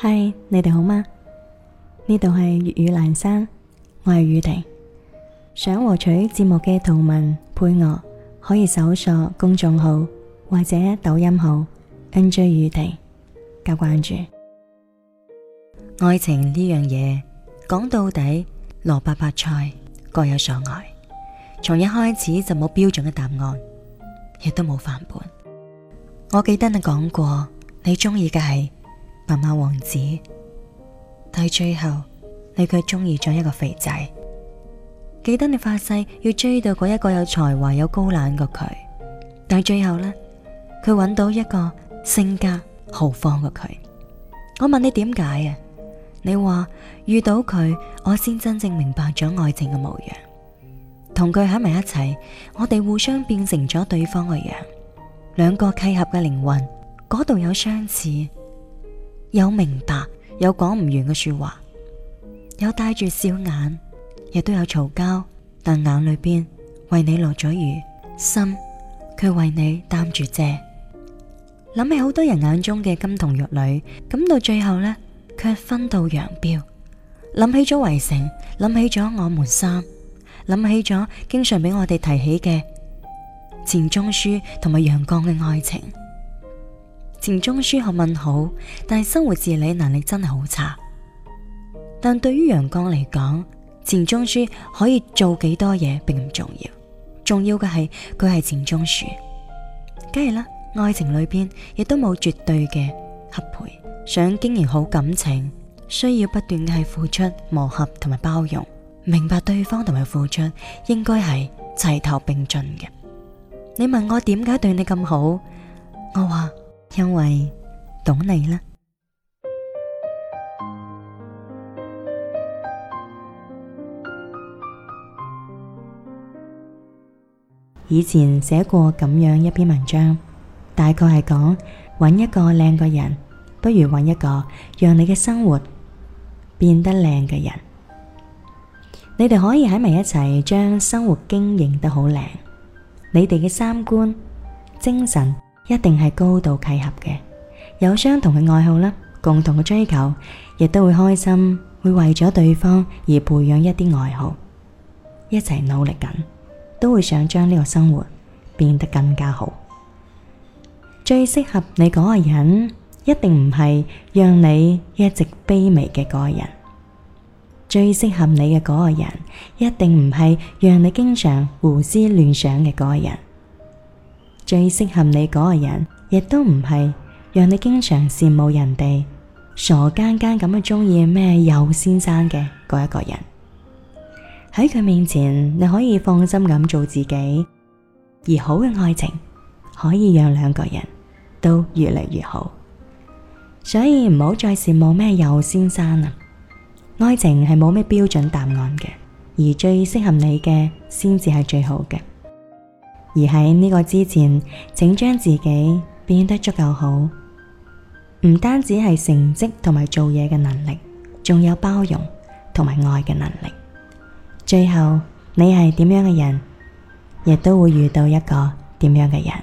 嗨，Hi，你哋好嗎？呢度係粵語闌山，我係宇婷。想獲取節目嘅圖文配樂，可以搜索公眾號或者抖音號 N J 宇婷加關注。愛情呢樣嘢講到底，蘿蔔白菜各有所愛，從一開始就冇標準嘅答案，亦都冇範本。我記得你講過，你鍾意嘅係。白馬王子，但係最後你卻中意咗一個肥仔。記得你發誓要追到嗰一個有才華、有高冷嘅佢，但係最後呢，佢揾到一個性格豪放嘅佢。我問你點解啊？你話遇到佢，我先真正明白咗愛情嘅模樣。同佢喺埋一齊，我哋互相變成咗對方嘅樣，兩個契合嘅靈魂，嗰度有相似。有明白，有講唔完嘅說話，有帶住笑眼，亦都有嘈交，但眼裏邊為你落咗雨，心卻為你擔住遮。諗起好多人眼中嘅金童玉女，咁到最後呢，卻分道揚鑣。諗起咗圍城，諗起咗我們仨，諗起咗經常俾我哋提起嘅錢鍾書同埋楊絳嘅愛情。錢鍾書學問好，但係生活自理能力真係好差。但對於楊絳嚟講，錢鍾書可以做幾多嘢並唔重要，重要嘅係佢係錢鍾書。梗係啦，愛情裏邊亦都冇絕對嘅合配。想經營好感情，需要不斷係付出磨合同埋包容，明白對方同埋付出應該係齊頭並進嘅。你問我點解對你咁好，我話。因為懂你啦。以前寫過咁樣一篇文章，大概係講，揾一個靚嘅人，不如揾一個讓你嘅生活變得靚嘅人。你哋可以喺埋一齊，將生活經營得好靚。你哋嘅三觀、精神。一定係高度契合嘅，有相同嘅愛好啦，共同嘅追求，亦都會開心，會為咗對方而培養一啲愛好，一齊努力緊，都會想將呢個生活變得更加好。最適合你嗰個人，一定唔係讓你一直卑微嘅嗰個人；最適合你嘅嗰個人，一定唔係讓你經常胡思亂想嘅嗰個人。最適合你嗰個人，亦都唔係讓你經常羨慕人哋，傻更更咁去中意咩右先生嘅嗰一個人。喺佢面前，你可以放心咁做自己。而好嘅愛情可以讓兩個人都越嚟越好。所以唔好再羨慕咩右先生啦。愛情係冇咩標準答案嘅，而最適合你嘅先至係最好嘅。而喺呢個之前，請將自己變得足夠好，唔單止係成績同埋做嘢嘅能力，仲有包容同埋愛嘅能力。最後，你係點樣嘅人，亦都會遇到一個點樣嘅人。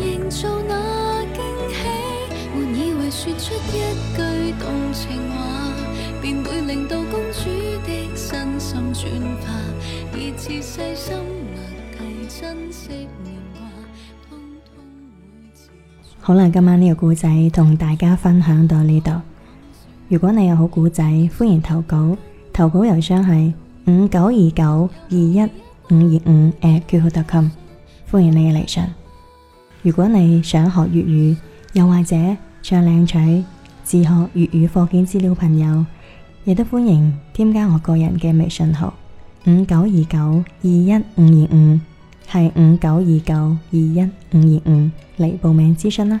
營造那驚喜，滿以為說出一句動情話便會令到公主的真心轉化。以致細心默契珍惜年華。好啦，今晚呢個故仔同大家分享到呢度。如果你有好故仔，歡迎投稿。投稿郵箱係五九二九二一五二五 @qq.com，歡迎你嘅嚟信。如果你想學粵語，又或者想領取自學粵語課件資料，朋友亦都歡迎添加我個人嘅微信號五九二九二一五二五，係五九二九二一五二五嚟報名諮詢啦。